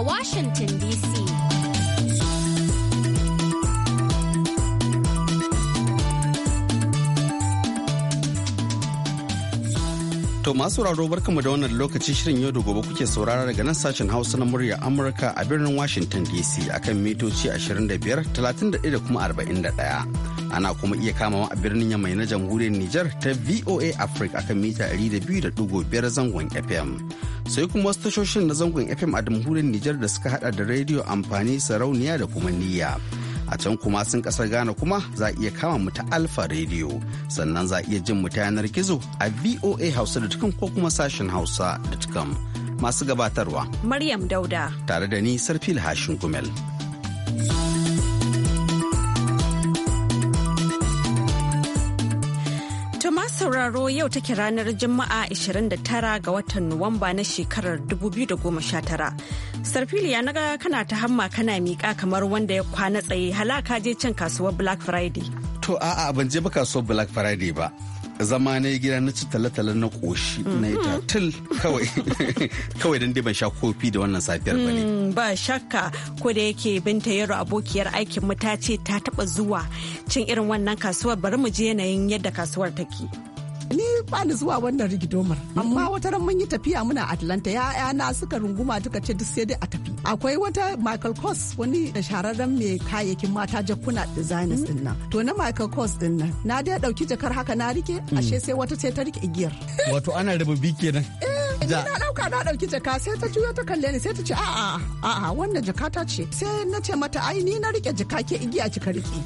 a Washington DC. To masu raro barkamu da wannan lokaci shirin yau da gobe kuke saurara daga nan sashen Hausa na murya Amurka a birnin Washington DC akan mitoci 25, 31 da kuma 41. ana kuma iya kamawa a birnin yamai na jamhuriyar Nijar ta VOA Africa akan mita 200.5 zangon FM. sai kuma wasu tashoshin na zangon fm a jamhuriyar nijar da suka hada da rediyo amfani sarauniya da kuma niyya a can kuma sun kasar ghana kuma za a iya kama mu ta alfa rediyo sannan za a iya jin mu ta yanar gizo a voa hausa da tukan ko kuma sashen hausa da tukan masu gabatarwa maryam dauda tare da ni sarfil hashin gumel. sauraro yau take ranar Juma'a 29 ga watan Nuwamba na shekarar 2019. Sarfiliya na ga kana ta hamma kana miƙa kamar wanda ya kwana tsaye halaka je can kasuwar Black Friday. To a'a ban je ba kasuwar Black Friday ba. zama na gida na ci tale-tale na koshi na yi mhm. tatil kawai kawai don dai ban sha kofi da wannan safiyar ba ne. Hmm, ba shakka ko da yake binta yaro abokiyar aikin mu ta ce ta taba zuwa cin irin wannan kasuwar bari mu je yanayin yadda kasuwar take. ni ba ni zuwa wannan rigidomar amma mm. wata ran mun yi tafiya muna atlanta ya na suka runguma duka ce duk sai dai a tafi akwai wata michael kors wani shahararren mai kayayyakin mata jakuna designers mm. din nan to na michael kors din nan na dai dauki jakar haka na rike mm. ashe sai wata ce ta rike igiyar wato ana bi kenan eh, Ina na dauka na dauki jaka sai ta juya ta kalle ni sai ta ce a'a a'a wannan jakata ce sai na ce mata ai ni na rike jaka ke igiya ka rike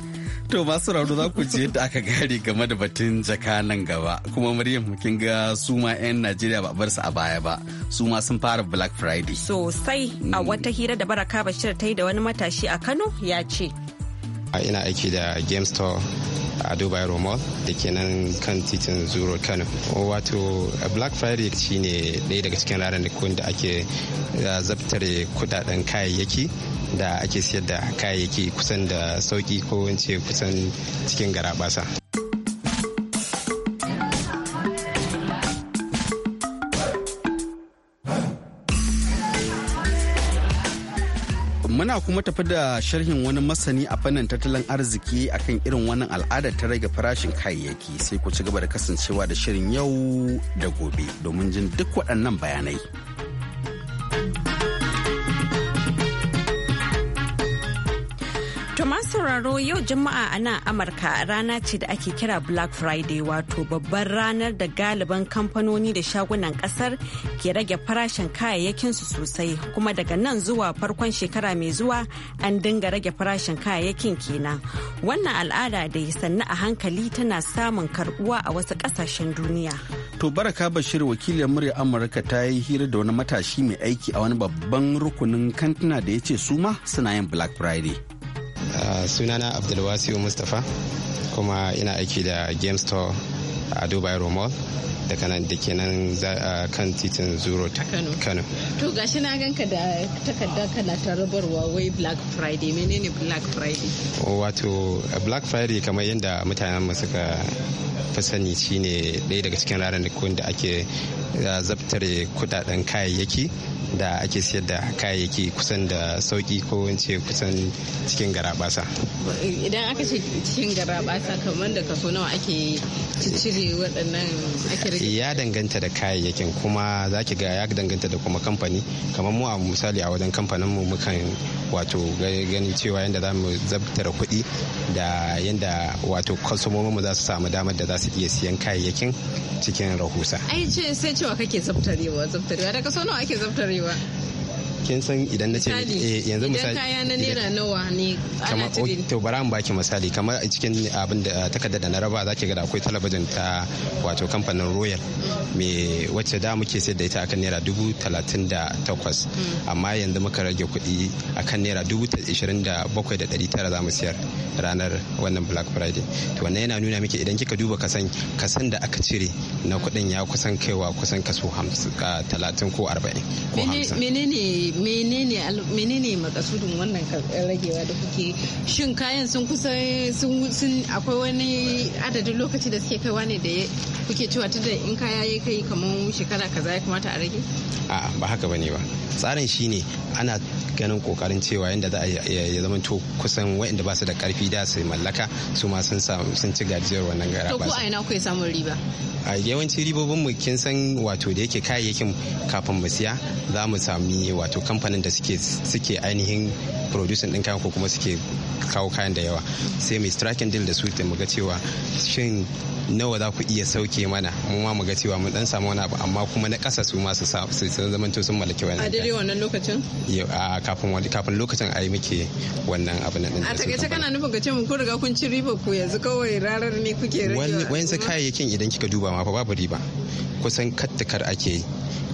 To masu rauni za ku ji yadda aka gari game da batun jaka nan gaba. Kuma Maryam kin ga su 'yan Najeriya ba bar su a baya ba. suma sun fara Black Friday. Sosai a mm. wata hira da Baraka Bashir ta yi da wani matashi a Kano ya ce. Ina aiki da Game Store ado bayero mall da kenan kan titin zuro kano wato black friday shine ɗaya daga cikin ranar da ake eh, zaftare kudaden kayayyaki da ake siyar da kayayyaki kusan da sauki ko wance kusan cikin garabasa kuma tafi da sharhin wani masani a fannin tattalin arziki akan irin wannan al'ada ta rage farashin kayayyaki sai ku ci gaba da kasancewa da shirin yau da gobe domin jin duk waɗannan bayanai. sauraro yau Juma'a a nan Amurka rana ce da ake kira Black Friday wato babbar ranar da galiban kamfanoni da shagunan kasar ke rage farashin kayayyakinsu sosai kuma daga nan zuwa farkon shekara mai zuwa an dinga rage farashin kayayyakin kenan. Wannan al'ada da ya sannu a hankali tana samun karbuwa a wasu kasashen duniya. To Baraka Bashir wakilin murya Amurka ta yi hira da wani matashi mai aiki a wani babban rukunin kantina da ya ce su ma suna yin Black Friday. Uh, sunana abdulwasiu mustapha kuma ina aiki da game store a dubai mall da kanan da kenan kan titin zuro kano to gashi na ganka da takarda kana tarabarwa wai black friday menene black friday wato black friday kamar yadda mutanen mu suka fi sani shine ɗaya daga cikin ranakun da ake zaftare kudaden kayayyaki da ake siyar da kayayyaki kusan da sauki ko wance kusan cikin garabasa. Idan aka ce cikin garabasa kamar da kaso nawa ake ajiye waɗannan ake ya danganta da kayayyakin kuma za ki ga ya danganta da kuma kamfani kamar mu a misali a wajen kamfanin mu mukan wato gani cewa yadda za mu zabtara kuɗi da yadda wato kwasomomin mu za su samu damar da za su iya siyan kayayyakin cikin rahusa ai ce sai cewa kake zabtarewa zabtarewa daga sau nawa ake zabtarewa kin san idan na ce eh, yanzu misali idan kaya na naira nawa ne ana oh, to bara mu baki misali kamar a cikin abin da eh, takardar da na raba zaki ga da akwai talabijin ta wato kamfanin royal me wacce da muke sayar da ita akan naira dubu talatin da takwas hmm. amma yanzu muka rage kuɗi akan naira dubu ishirin da bakwai da tara za mu siyar ranar wannan black friday to wannan yana nuna miki idan kika duba kasan kasan da aka cire na kuɗin ya kusan kaiwa kusan kaso ah, talatin ko arba'in ko hamsin menene menene makasudin wannan ragewa da kuke shin kayan sun kusa sun akwai wani adadin lokaci da suke kaiwa ne da kuke cewa tunda in kaya ya kai kamar shekara kaza ya kamata a rage a ba haka bane ba tsarin shine ana ganin kokarin cewa yadda za a ya zama to kusan waɗanda ba su da karfi da su mallaka su ma sun sun ci gajiyar wannan gara to ko a ina kuke samun riba a yawancin ribobin mu kin san wato da yake kayayyakin kafin mu siya za mu sami wato kamfanin da suke suke ainihin producing din kayan ko kuma suke kawo kayan da yawa sai mai striking deal da su da muga cewa shin nawa za ku iya sauke mana mu ma muga cewa mun dan samu wani abu amma kuma na ƙasa su ma su zaman to sun mallaki wannan a dare wannan lokacin a kafin kafin lokacin ai muke wannan abu na din a ta kana nufin ga mun ku riga kun ci riba ku yanzu kawai rarar ne kuke rage wani wani sai kayayyakin idan kika duba ma fa babu riba kusan kattakar ake yi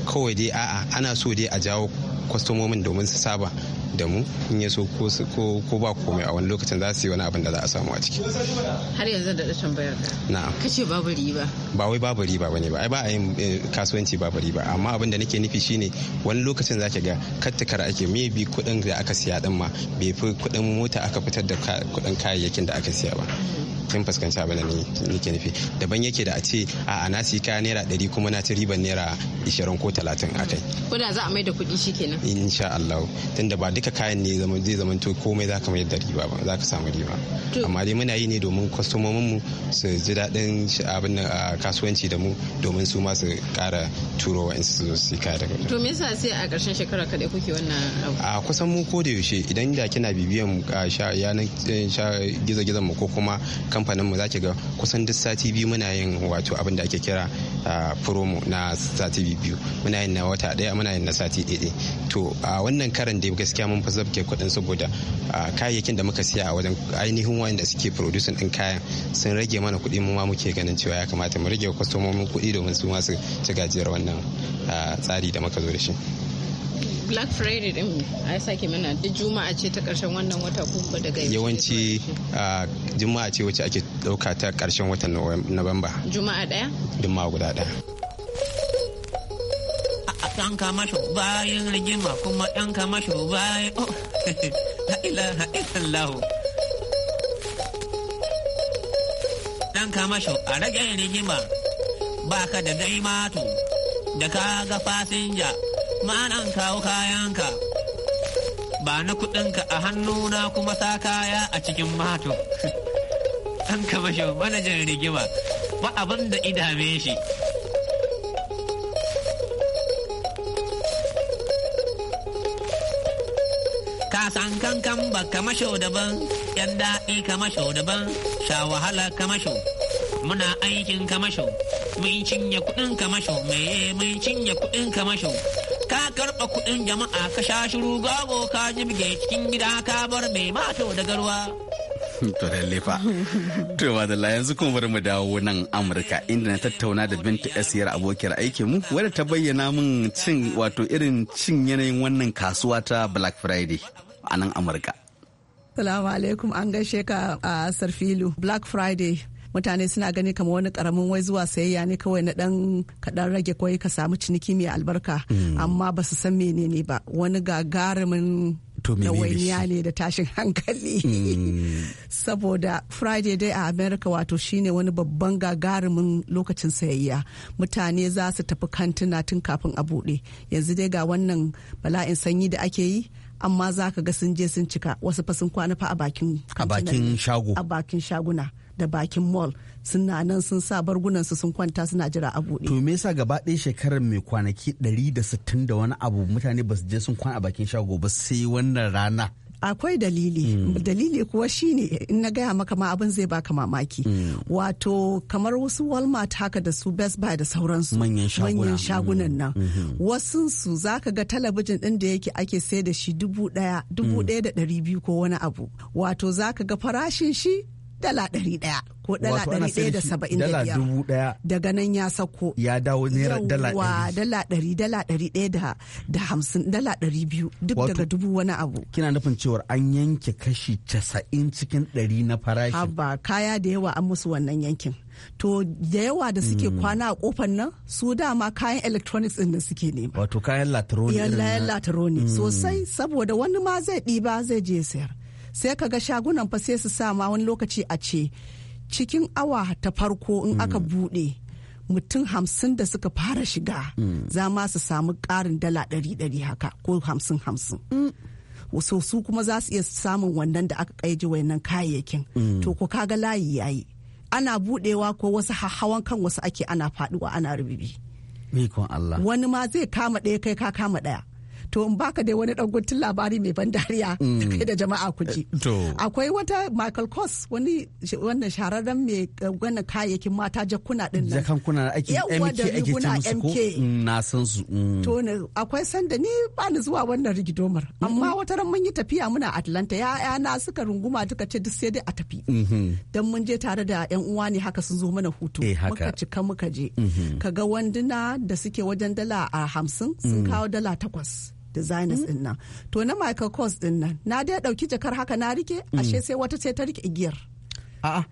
kawai dai a'a ana so dai a jawo kwastomomin domin su saba da mu in ya so ko ba komai a wani lokacin za su yi wani abin da za a samu a ciki har yanzu da rashin bayar ka na'am kace babu riba ba wai babu riba bane ba ai ba a yin eh, kasuwanci babu riba amma abin da nake nufi shine wani lokacin ki ga kattakar ake bi kuɗin da aka siya din ma bai fi kuɗin mota aka fitar da kuɗin kayayyakin da aka siya ba kin fuskanci abin da nake nufi daban yake da a ce a na siya kaya naira ɗari kuma na ci riban naira ishirin ko talatin a kai. ko da za a mai da kuɗi shi kenan. insha Allah da ba duka kayan ne zai zama to komai za ka mai da riba ba za ka samu riba amma dai muna yi ne domin kwastomomin mu su ji daɗin abin kasuwanci da mu domin su ma su ƙara turo wa su zo su kaya daga. to me yasa sai a ƙarshen shekara kaɗai kuke wannan abu. a kusan mu ko da yaushe idan da kina bibiyan yanar eh, gizo-gizon mu ko kuma kan kamfanin mu zaki ga kusan duk sati biyu muna yin wato abin da ake kira promo na sati biyu muna yin na wata daya muna yin na sati daya to a wannan karan da gaskiya mun fi zabke kudin saboda kayayyakin da muka siya a wajen ainihin wanda suke producing din kayan sun rage mana kuɗi mu ma muke ganin cewa ya kamata mu rage kwastomomin kuɗi domin su ma su ci gajiyar wannan tsari da muka zo da shi. black friday din a sake mana duk juma'a ce ta karshen wannan wata ko daga yawanci juma'a ce wacce ake dauka ta karshen watan November. juma'a daya juma'a guda daya dan kama shi bayan rigima kuma dan kama shi bayan oh la ilaha illallah an kama shi a rage rigima baka ka da to da ka ga fasinja ma'anan kawo kayanka ba na kuɗinka a hannuna kuma sa kaya a cikin mato an ka mashi manajan rigima ba abin da idame shi kasan kankan ba kamasho daban yan daɗi kamasho daban sha wahala kamasho muna aikin kamasho mun cinye kuɗin kamasho mai mun cinye kuɗin kamasho ka karɓa kuɗin jama'a ka sha shiru gago ka jibge cikin gida ka bar mai mato da garwa. To lalle fa. To yanzu kuma bari mu dawo nan Amurka inda na tattauna da Binta Asiyar abokiyar aikin mu wadda ta bayyana min cin wato irin cin yanayin wannan kasuwa ta Black Friday a nan Amurka. Salamu alaikum an gaishe ka a Sarfilu Black Friday mutane suna gani kamar wani karamin wai zuwa sayayya ne kawai na dan kaɗan rage kwai ka samu ciniki mai albarka mm. amma ba su san menene ba wani gagarumin dawainiya ne da tashin hankali mm. saboda friday day a america wato shine wani babban gagarumin lokacin sayayya mutane za su tafi kantuna tun kafin a buɗe yanzu dai ga wannan bala'in sanyi da ake yi amma za ka ga sun je sun cika wasu fa sun kwana fa a bakin shago a bakin shaguna da bakin mall suna nan sun sa bargunansu sun kwanta suna jira a buɗe. To me yasa gaba ɗaya shekarar mai kwanaki 160 da wani abu mutane ba su je sun kwana a bakin shago ba sai wannan rana. akwai dalili mm. dalili kuwa shine in na gaya maka ma abin zai baka mamaki mm. wato kamar wasu walmart haka da su best buy da sauransu manyan shagunan nan hmm. Hmm. wasu su za ka ga talabijin din da yake ake sai da shi dubu daya dubu daya hmm. da dari biyu ko wani abu wato za ka ga farashin shi dala ɗari ɗaya ko dala ɗari ɗaya da saba'in da biyar dubu ɗaya daga nan ya sako ya dawo naira dala ɗari dala ɗari dala ɗari ɗaya da hamsin dala ɗari biyu duk daga dubu wani abu kina nufin cewar an yanke kashi casa'in cikin ɗari na farashi haba kaya da yawa an musu wannan yankin to da yawa da suke hmm. kwana a kofar nan su dama kayan electronics din da suke nema wato kayan lataroni kayan lataroni hmm. sosai saboda wani ma zai ɗiba zai je sayar sai ka ga shagunan fa sai su sa ma wani lokaci a ce cikin awa ta farko in aka hmm. bude mutum hamsin da suka fara shiga hmm. za ma su samu karin dala ɗari ɗari haka ko hamsin hamsin wasu hmm. su kuma za su iya samun wannan da aka kaiji wannan kayayyakin to ko kaga layi yayi ana budewa ko wasu hawan kan wasu ake ana faduwa ana rubibi Wani ma zai kama ɗaya kai ka kama ɗaya. to in baka da wani guntun labari mai ban dariya mm. kai da jama'a ku ji eh, akwai wata Michael Kors wani wannan shahararren mai wannan kayayyakin mata jakuna din nan jakan ake MK ake ce musu ko mm, na san su mm. to akwai sanda ni ba ni zuwa wannan rigidomar amma wata ran mun yi tafiya muna Atlanta ya na suka runguma duka ce duk sai dai a tafi mm-hmm. dan mun je tare da yan uwa ne haka sun zo mana hutu eh, muka cika muka je mm-hmm. Ka ga wanduna da suke wajen dala a hamsin sun kawo dala takwas designers mm. din nan to na michael kors din nan na dai dauki jakar haka na rike mm. ashe sai wata ce ta rike igiyar a'a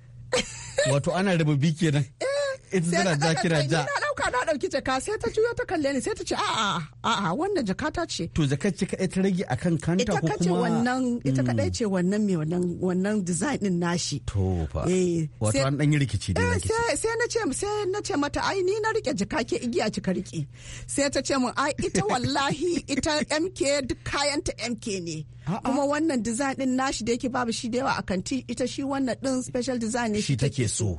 wato ana rububi kenan eh inzina ja kira ja na ɗauka na ɗauki jaka sai ta juyo ta kalle ni sai ta ce a'a a'a wannan jakata ce to jaka ce kadai ta rage akan kanta ko kuma ita wannan ita hmm. kadai ce wannan me wannan wannan design ɗin nashi to fa eh wato an dan yi rikici da eh, rikici sai sai na ce sai na ce mata ai ni na rike jaka ke igiya ki ka rike sai ta ce mun ai ita wallahi ita MK duk kayan ta MK ne kuma wannan design ɗin nashi da yake babu shi da yawa a kanti ita shi wannan din special design ne shi take so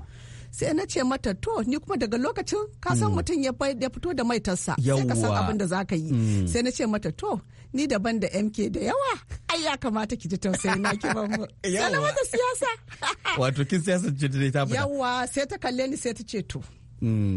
sai na ce mata to ni kuma daga lokacin ka san mm. mutum ya fito da maitarsa sai ka san abin da za ka yi mm. sai na ce mata to ni daban da mk da yawa ai ya kamata ki ji tausayi na ki ban mu sai na mata siyasa wato kin siyasa ce ta fita yawa sai ta kalle ni sai ta ce to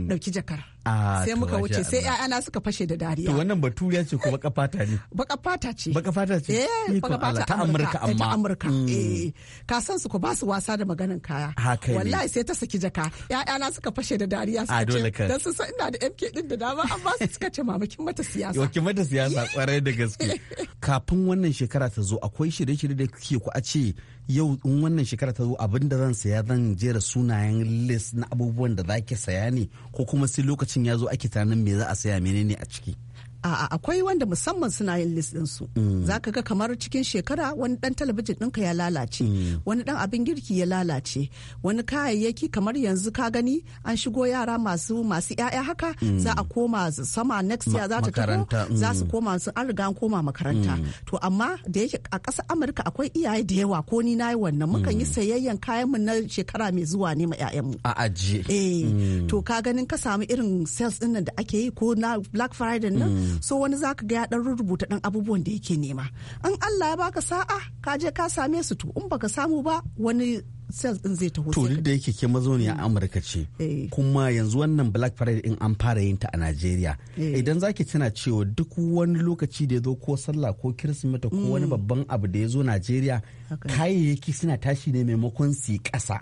dauki mm. jakar Ah, sai muka wuce sai ana suka fashe da dariya to wannan baturiya ce ko baka fata ne baka fata ce baka fata ce eh baka fata ta amurka amma ta amurka hmm. eh ka san su ko ba su wasa da maganin kaya wallahi sai ta saki jaka ƴaƴana suka fashe da dariya ah, su ce dan su san ina da MK din da dama amma su suka ce mamakin mata siyasa yau kin mata siyasa kwarai da gaske kafin wannan shekara ta zo akwai shirye-shirye da kike ku a ce yau in wannan shekara ta zo abin da zan saya zan jera sunayen list na abubuwan da zaki saya ne ko kuma sai lokacin lokacin ya zo ake tunanin me za a saya menene a ciki a'a akwai wanda musamman suna yin list din su mm. zaka ga kamar cikin shekara wani dan talabijin ɗinka ya lalace mm. wani dan abin girki ya lalace wani kayayyaki kamar yanzu ka gani an shigo yara masu masu yaya haka mm. za a koma sama next year za ta tafi za su koma su an riga an koma makaranta to amma da yake a ƙasar Amurka akwai iyaye da yawa ko ni nayi wannan mukan yi sayayyen kayan mu na shekara mai zuwa ne ma 'ya'yan mu a ajiye eh to ka ganin ka samu irin sales din da ake yi ko na Black Friday nan Mm. so wani zaka ga ya dan rubuta dan abubuwan da yake nema in Allah ya baka sa'a ka je ka same su to in baka samu ba wani sales din zai taho to da yake ke mazauniya mm. amurka ce eh. kuma yanzu wannan black friday in an fara yin ta a najeriya eh. idan zaki tana cewa duk wani lokaci da ya zo ko sallah ko kirsimeta ko wani mm. babban abu da ya zo najeriya kayayyaki suna tashi ne maimakon su kasa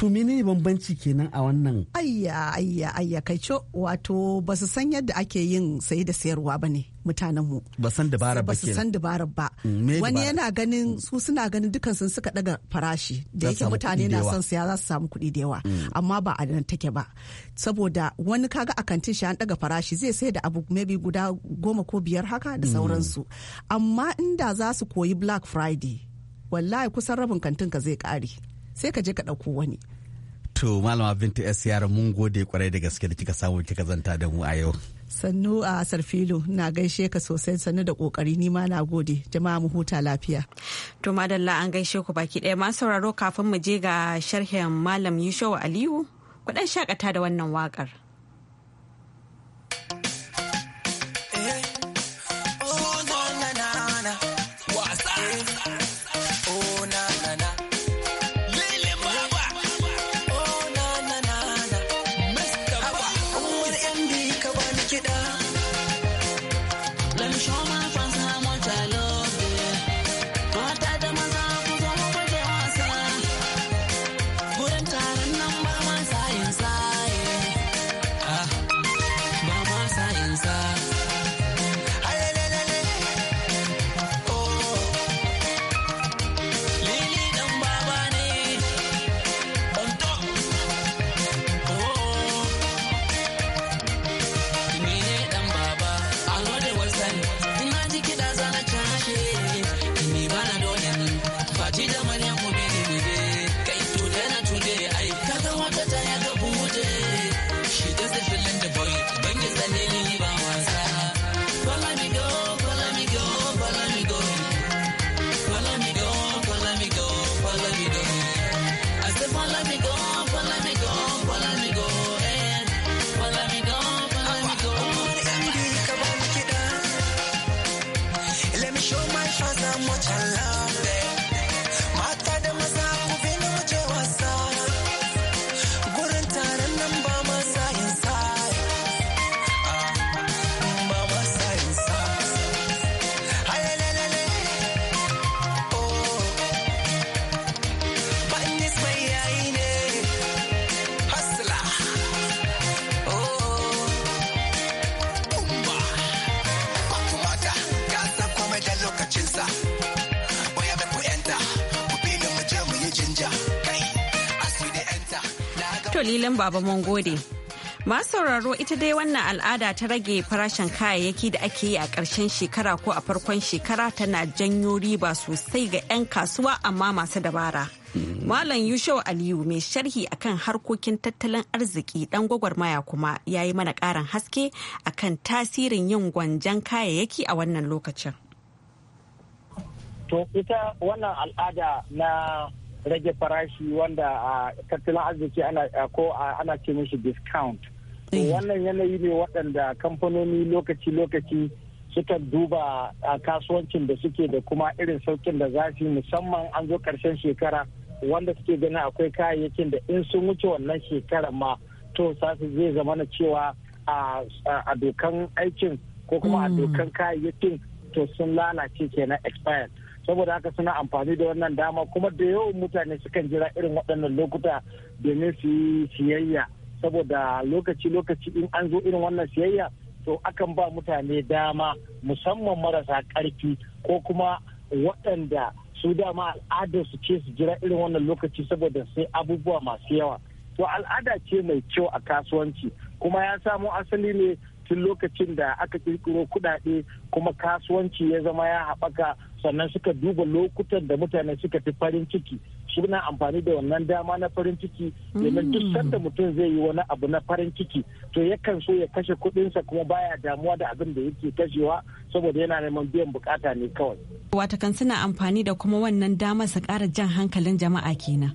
to menene bambanci kenan a wannan ayya ayya ayya kai co wato ba su san yadda ake yin sai da sayarwa ba ne mutanen mu ba san dabara ba san dabara ba mm, wani yana ganin su suna ganin dukan sun suka daga farashi da yake mutane na son saya za su samu kuɗi da yawa mm. amma ba a nan take ba saboda wani kaga a kantin shi an daga farashi zai sai da abu maybe guda goma ko biyar haka da mm. sauransu amma inda za su koyi black friday wallahi kusan rabin kantin ka zai kare sai ka je ka ɗauko wani to malama binta s mun gode kwarai da gaske da kika samu kika zanta da mu a yau sannu a sarfilo na gaishe ka sosai sannu da kokari ni ma na gode jama'a mu huta lafiya to madalla an gaishe ku baki ɗaya ma sauraro kafin mu je ga sharhin malam yushewa aliyu ku dan shakata da wannan wakar tolilin baba mun gode. Masu sauraro ita dai wannan al'ada ta rage farashin kayayyaki da ake yi a ƙarshen shekara ko a farkon shekara tana janyo riba sosai ga 'yan kasuwa amma masu dabara. Malam Yusho Aliyu mai sharhi akan harkokin tattalin arziki dan gwagwarmaya kuma ya yi mana ƙarin haske akan tasirin yin gwanjan kayayyaki a wannan lokacin. To ita wannan al'ada na rage farashi wanda a tattalin arziki ana ko ana ce mishi discount mm. wannan yanayi ne waɗanda kamfanoni lokaci-lokaci suka duba a kasuwancin da suke da kuma irin saukin da za su musamman an zo ƙarshen shekara wanda suke ganin akwai kayayyakin da in sun wuce wannan shekarar ma to sasu zai zama na cewa a dokan aikin ko kuma a mm. dokan kayayyakin to sun lalace kenan expired saboda haka suna amfani da wannan dama kuma da yawan mutane sukan jira irin waɗannan lokuta domin su yi siyayya saboda lokaci-lokaci in an zo irin wannan siyayya to akan ba mutane dama musamman marasa ƙarfi ko kuma waɗanda su dama al'adar su ce su jira irin wannan lokaci saboda sai abubuwa masu yawa to al'ada ce mai kyau a kasuwanci kuma ya samo asali ne tun lokacin da aka kirkiro kuɗaɗe kuma kasuwanci ya zama ya haɓaka sannan suka duba lokutan da mutane suka fi farin ciki suna amfani da wannan dama na farin ciki domin duk mm. sanda mutum zai yi wani abu na farin ciki to yakan so ya kashe kuɗinsa kuma baya damuwa da abin da yake kashewa saboda yana neman biyan bukata ne kawai. Watakan suna amfani da kuma wannan dama su kara jan hankalin jama'a kenan.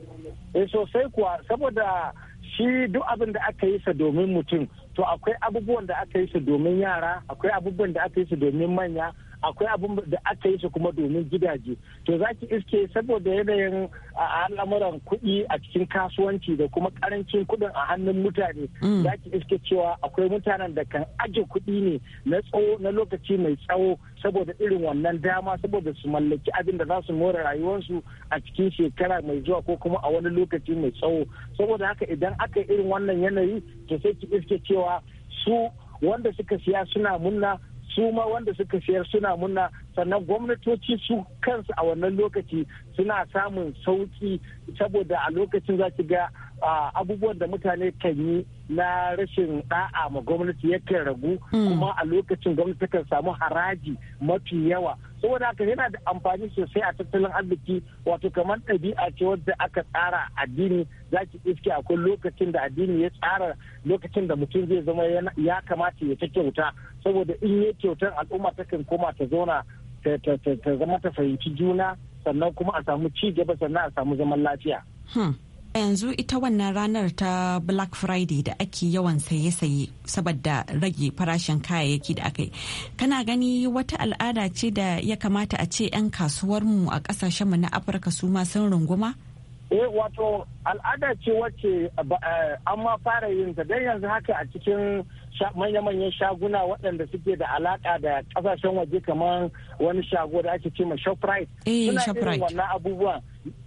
Eh sosai kuwa saboda shi duk abin da aka yi sa domin mutum to akwai abubuwan da aka yi su domin yara akwai abubuwan da aka yi su domin manya akwai abin da aka yi su kuma domin gidaje to za ki iske saboda yanayin a al'amuran kuɗi a cikin kasuwanci da kuma karancin kuɗin a hannun mutane mm. za ki iske cewa akwai mutanen da kan aje kuɗi ne na tsawo na lokaci mai tsawo saboda irin wannan dama saboda su mallaki abin da za su more rayuwarsu a cikin shekara mai zuwa ko kuma a wani lokaci mai tsawo saboda haka idan aka yi irin wannan yanayi to sai ki iske cewa su wanda suka siya suna munna su ma wanda suka siyar suna munna. sannan gwamnatoci su kansu a wannan lokaci suna samun sauki saboda a lokacin za ki ga abubuwan da mutane kan yi na rashin da'a ma gwamnati yakan ragu hmm. kuma a lokacin gwamnati kan samu haraji mafi yawa saboda haka yana da amfani sosai a tattalin arziki wato kamar ɗabi'a ce wadda aka tsara addini za ki iske akwai lokacin da addini ya tsara lokacin da mutum zai zama ya kamata ya ta kyauta saboda in ya kyautar al'umma takan koma ta zauna ta zama ta fahimci juna sannan kuma a samu ci gaba sannan a samu zaman lafiya. Hmm. yanzu ita wannan ranar ta black friday da ake yawan saye-saye saboda rage farashin kayayyaki da aka yi kana gani wata al'ada ce da ya kamata a ce 'yan kasuwarmu a kasashenmu na afirka su ma sun runguma eh wato al'ada ce wacce eh, an ma fara yin ta don yanzu haka a cikin manya-manyan shaguna waɗanda suke da alaƙa da ƙasashen waje kamar wani shago da ake ce ma shoprite eh, suna irin wannan abubuwan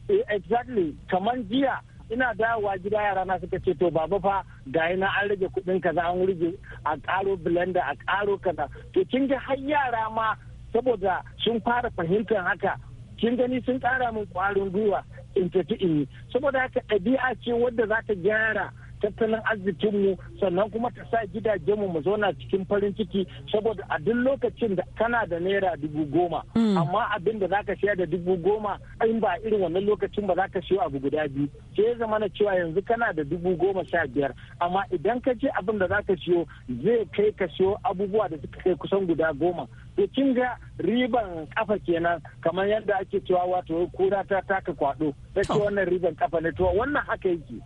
eh, exactly kamar jiya ina dawowa gida yara na suka ce to baba fa ga na an rage kuɗin kaza an rage a ƙaro blender a ƙaro kaza to kin ga har yara ma saboda sun fara fahimtar haka kin gani sun ƙara min ƙwarin gwiwa in tafi in yi saboda haka ɗabi'a ce wadda za ta gyara tattalin arzikinmu sannan kuma ta sa gidajenmu mu zauna cikin farin ciki saboda a duk lokacin da kana da naira dubu goma hmm. amma abin da zaka siya da dubu goma in ba irin wannan lokacin ba zaka siyo abu guda biyu sai ya zama na cewa yanzu kana da dubu goma sha biyar amma idan ka je abin da zaka siyo zai kai ka siyo abubuwa da suka kai kusan guda goma to kin ga riban kafa kenan kamar yadda ake cewa wato kura ta taka kwado ke wannan riban kafa ne to wannan haka yake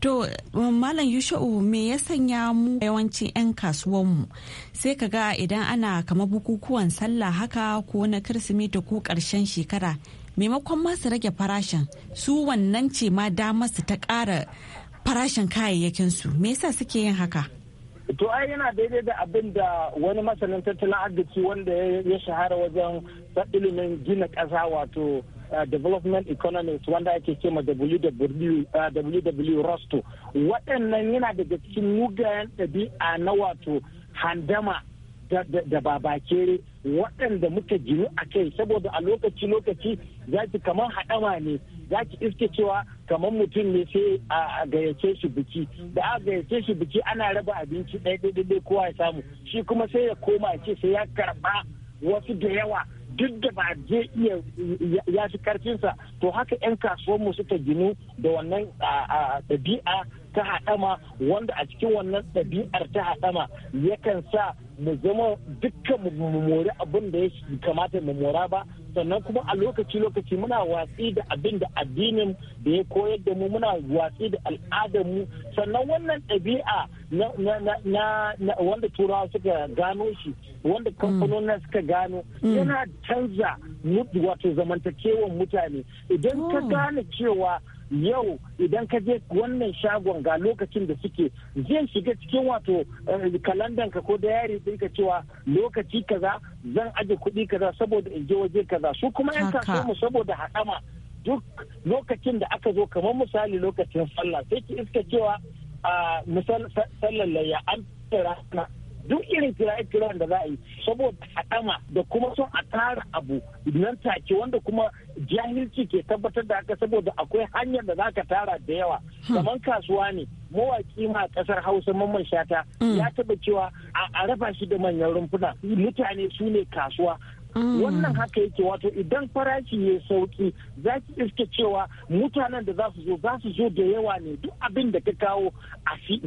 to malam yusha'u me ya sanya mu yawancin 'yan kasuwan mu sai ka ga idan ana kama bukukuwan sallah haka ko na kirsimeti ko karshen shekara maimakon masu rage farashin su wannan ce ma damar su ta kara farashin kayayyakin su me yasa suke yin haka to ai yana daidai da abin da wani masanin tattalin arziki wanda ya shahara wajen ilimin gina ƙasa wato uh, development economics wanda ake ce ma ww uh, rosto waɗannan yana daga cikin mugayen ɗabi'a na wato handama da babakere waɗanda muka ginu a kai saboda a lokaci-lokaci za ki kamar haɗama ne za ki iske cewa kamar mutum ne sai a gayyace shi biki da a gayyace shi biki ana raba abinci ɗaya ɗaya kowa ya samu shi kuma sai ya koma ce sai ya karɓa wasu da yawa duk da ba zai iya ya fi karfinsa to haka 'yan mu suka ginu da wannan ɗabi'a ta haɗama wanda a cikin wannan ɗabi'ar ta haɗama yakan sa mu zama dukkan mu mori abin da ya kamata mu mora ba sannan kuma a lokaci-lokaci muna watsi da abin da addinin da ya koyar da mu muna watsi da al'adar mu sannan wannan ɗabi'a na wanda turawa suka gano shi wanda mm. kamfanonin suka gano mm. yana canza wato zamantakewan mutane idan ka oh. gane cewa yau idan ka je wannan shagon ga lokacin da suke zai shiga cikin wato eh, kalandan ka ko da yari dinka cewa lokaci kaza zan aje kuɗi kaza saboda in je waje kaza su kuma yan kasuwa mu saboda haɗama duk lokacin da aka zo kamar misali lokacin sallah sai ki iska cewa ah, a sallar layya an tsira duk irin kiraye-kirayen da za a yi saboda haɗama da kuma son a tara abu nan take wanda kuma jahilci ke tabbatar da haka saboda akwai hanyar da za ka tara da yawa hmm. kamar kasuwa ne mawaki ma kasar hausa mamman shata hmm. ya taba cewa a rafa shi da manyan rumfuna mutane su ne kasuwa Mm. wannan haka yake wato idan farashi ya sauki za ki iske cewa mutanen da za su zo za su zo da yawa ne duk abin da ka kawo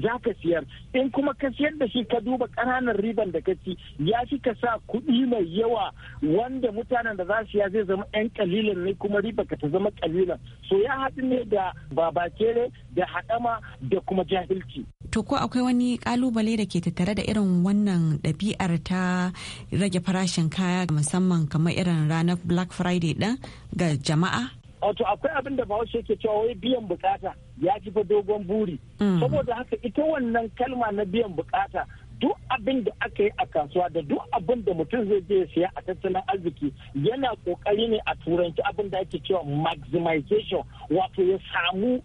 za ka siyar in kuma ka siyar da shi ka duba ƙananan riban da ka ci ya fi ka sa kuɗi mai yawa wanda mutanen da za su ya zai zama 'yan kalilan ne kuma riba ka ta zama kalilan so ya haɗu ne da babakere da haɗama da kuma jahilci. To ko akwai wani ƙalubale da ke tattare da irin wannan ɗabi'ar ta rage farashin kaya musamman musamman kamar irin ranar black friday ɗin ga jama'a wato akwai abin da bahaushe ke cewa wai biyan bukata ya ji fa dogon buri mm. saboda haka ita wannan kalma na biyan bukata duk abin da aka yi a kasuwa da duk abin da mutum zai je siya a tattalin arziki yana kokari ne a turanci abin da ake cewa maximization wato ya samu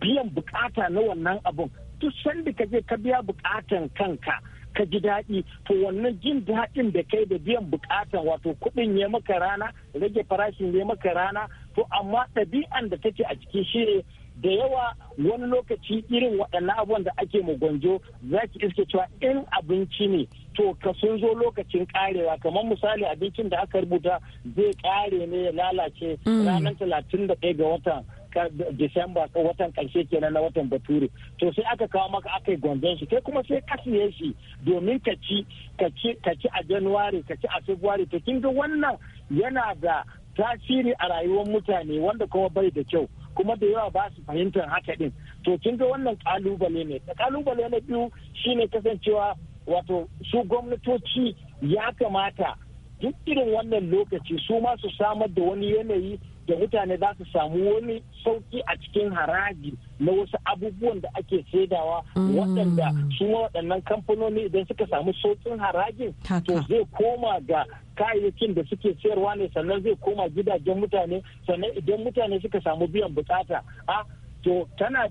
biyan bukata na wannan abin duk sanda ka je ka biya bukatan kanka ka ji daɗi to wannan jin daɗin da kai da biyan bukata wato kuɗin ya maka rana rage farashin ya maka rana to amma ɗabi'an da take a cikin shi ne da yawa wani lokaci irin waɗannan abubuwan da ake gwanjo za ki iske cewa in abinci ne to ka sun zo lokacin karewa kamar misali abincin da aka rubuta zai kare ne ya lalace mm. ranar talatin da ɗaya ga watan disamba watan karshe kenan na watan bature to sai aka kawo maka aka yi gwanzon shi kai kuma sai kasiye shi domin ka ci ka ci a January ka ci a february to kin ga wannan yana da tasiri a rayuwar mutane wanda kuma bai da kyau kuma da yawa ba su fahimtar haka din to kin ga wannan kalubale ne kalubale na biyu shine kasancewa wato su gwamnatoci ya kamata duk irin wannan lokaci su ma su samar da wani yanayi da mutane za su samu wani sauki a cikin haraji na wasu abubuwan da ake saidawa mm. waɗanda su ma waɗannan kamfanoni idan suka samu sauƙin harajin to zai koma ga kayayyakin da suke sayarwa ne sannan zai koma gidajen mutane sannan idan mutane suka samu biyan bukata a ah, to tana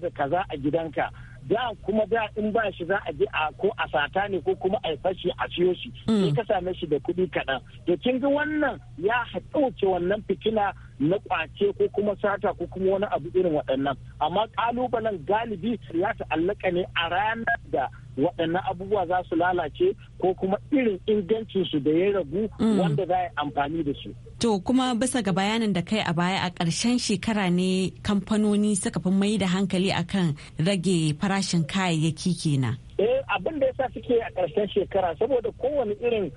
da kaza a gidanka da kuma da in ba shi za a je a ko a sata ne ko kuma a fashi a siyo shi sai mm. ka same shi da kuɗi kaɗan to kin ga wannan ya haɗauce wannan fitina na kwace ko kuma sata ko kuma wani abu irin waɗannan amma ƙalubalen galibi ya ta'allaka ne a ranar da waɗannan abubuwa za su lalace ko kuma irin ingancinsu da ya ragu mm. wanda za a amfani da su. To kuma bisa ga bayanin da kai a baya a ƙarshen shekara ne kamfanoni suka fi mai da hankali akan rage farashin kayayyaki kenan. eh abin da yasa suke a ƙarshen shekara saboda kowane irin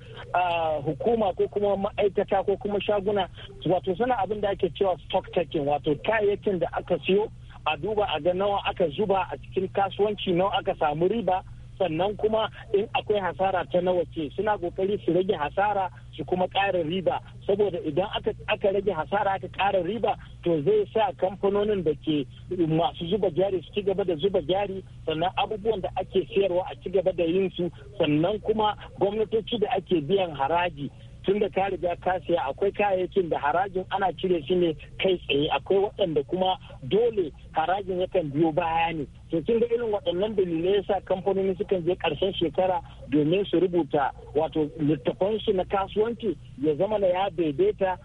hukuma ko kuma ma'aikata ko kuma shaguna wato suna abin da ake cewa stock taking wato kayayyakin da aka siyo a duba a ga nawa aka zuba a cikin kasuwanci nawa aka samu riba sannan kuma in akwai hasara ta nawa ce suna kokari su rage hasara su kuma ƙara riba saboda idan aka rage hasara aka ƙara riba to zai sa kamfanonin da ke masu zuba jari su ci gaba da zuba jari sannan abubuwan da ake sayarwa a ci gaba da yin su sannan kuma gwamnatoci da ake biyan haraji tun da ka riga ka siya akwai kayayyakin da harajin ana cire shi ne kai tsaye akwai waɗanda kuma dole harajin yakan biyo baya ne to tun da irin waɗannan dalilai yasa kamfanoni sukan je ƙarshen shekara domin su rubuta wato littafan su na kasuwanci ya zama na ya daidaita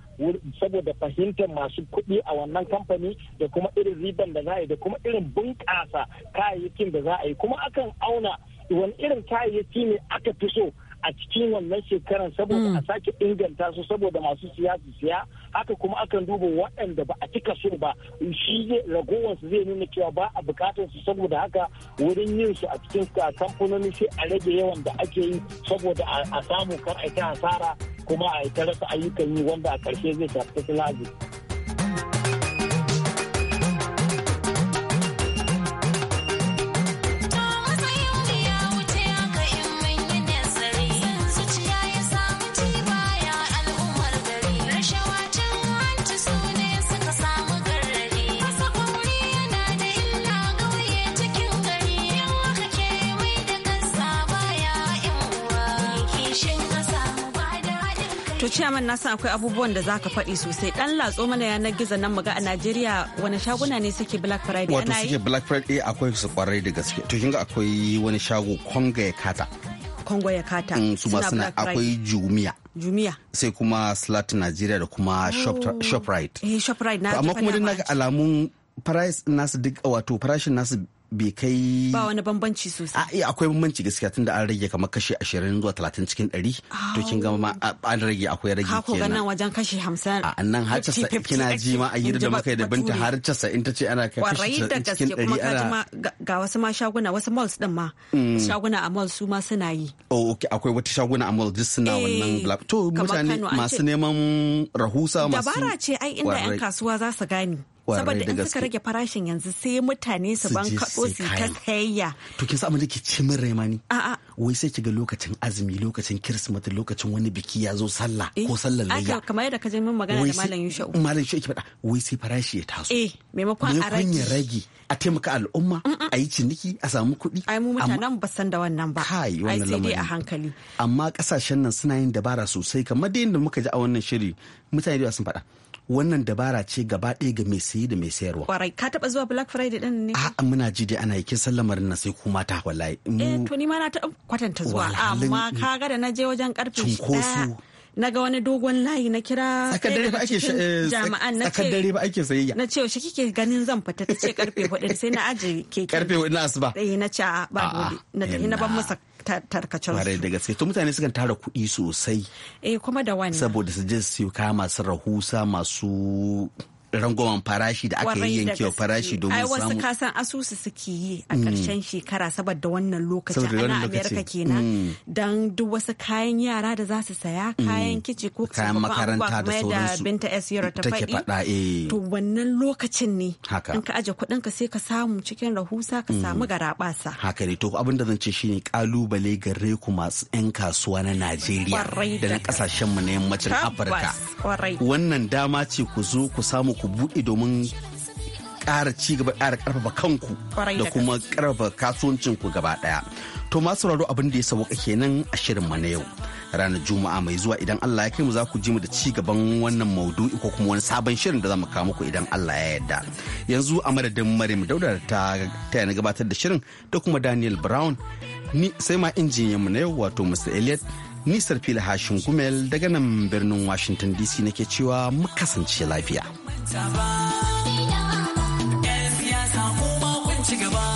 saboda fahimtar masu kuɗi a wannan kamfani da kuma irin riban da za a yi da kuma irin bunƙasa kayayyakin da za a yi kuma akan auna wani irin kayayyaki ne aka fi so a cikin wannan shekaran saboda a hmm. sake inganta su saboda masu siya su siya haka kuma akan duba waɗanda ba a cika so ba shi ragowar su zai nuna cewa ba a bukatar su saboda haka wurin yin su a cikin kamfanoni sai a rage yawan da ake yi saboda a samu kar a ta hasara kuma a ta rasa ayyukan yi wanda a ƙarshe zai shafi tattalin arziki. san akwai abubuwan da zaka faɗi sosai dan latso mana yanar gizo nan muga a Najeriya wani shaguna ne suke Black Friday wato suke Black Friday akwai su kwarai da gaske to kin akwai wani shago Konga ya kata Kongo ya kata mm, su ma suna akwai Jumia Jumia. Sai kuma Slat Nigeria da kuma oh. Shoprite. Eh Shoprite na. Amma kuma duk naga alamun price nasu duk wato farashin nasu bai kai ba wani bambanci sosai a ah, eh, akwai bambanci gaskiya tunda an rage kamar kashi 20 zuwa 30 cikin 100 to kin ga ma ah, an rage akwai rage kenan hako ganan wajen kashi 50 a ah, nan har ta kina ji ma a yiri da muka da binta har ta in ta ce ana kai kashi 90 cikin 100 ana ga wasu ma shaguna wasu malls din ma mm. shaguna a malls su ma suna yi oh okay akwai wata shaguna a malls duk suna wannan eh, to mutane masu neman rahusa masu dabara ce ai inda yan kasuwa za su gane saboda in suka rage farashin yanzu sai mutane su ban kaɗo su ta sayayya to kin sa a da ke ci min raimani a'a wai sai kiga lokacin azumi lokacin kirsimeti lokacin wani biki ya zo sallah eh. ko sallar layya kamar yadda ka je min magana da malam Yusha. malam Yusha ki faɗa wai sai farashi ya taso eh maimakon a rage rage a taimaka al'umma a yi ciniki a samu kuɗi ai mu mutanen ba san da wannan ba kai wannan lamari a hankali amma kasashen nan suna yin dabara sosai kamar da yadda muka ji a wannan shiri mutane da sun faɗa wannan dabara ce gaba ɗaya ga mai sayi da mai sayarwa kwarai ka taɓa zuwa black friday ɗin ne a'a muna ji dai ana yi kin lamarin nan sai kuma ta wallahi eh to ni ma na taɓa kwatanta zuwa amma ka ga da na je wajen karfe cunkoso na ga wani dogon layi na kira eh, jami'an na ce dare ba ake sayayya na ce shi kike ganin zan fita ta ce karfe hudu sai na aje keke karfe hudu na asuba eh na ce ba dole na tafi na ban masa tarkacen su da gaske to mutane sukan tara kuɗi sosai eh kuma da wani. saboda su je su siyo kaya masu rahusa masu rangwamen farashi da aka yi yankewa farashi domin samu. Ai wasu kasan asusu suke yi a mm. ƙarshen shekara saboda wannan lokacin ana Amerika kenan mm. don duk wasu kayan yara da za su saya mm. kayan kici ko kayan makaranta da sauransu. Binta S Yaro ta faɗi. Eh. To wannan lokacin ne. Haka. In ka aje kuɗin ka sai ka samu cikin rahusa ka samu garaɓasa. Haka ne to abin da zan ce shine kalubale gare ku masu 'yan kasuwa na Najeriya da na kasashen mu na yammacin Afirka. Wannan dama ce ku zo ku samu ku buɗe domin ƙara ci gaba ƙara ƙarfafa kanku da kuma ƙarfafa kasuwancinku gaba ɗaya. To masu sauraro abin da ya sauka kenan a shirin mu yau. Ranar Juma'a mai zuwa idan Allah ya kai mu za ku ji mu da ci gaban wannan maudu'i ko kuma wani sabon shirin da za mu kawo muku idan Allah ya yarda. Yanzu a madadin Maryam Dauda ta ta na gabatar da shirin da kuma Daniel Brown ni sai ma injiniyan mu na yau wato Mr. Elliot Nisar fila hashin gumel daga nan birnin Washington DC nake cewa mu kasance lafiya. gaba.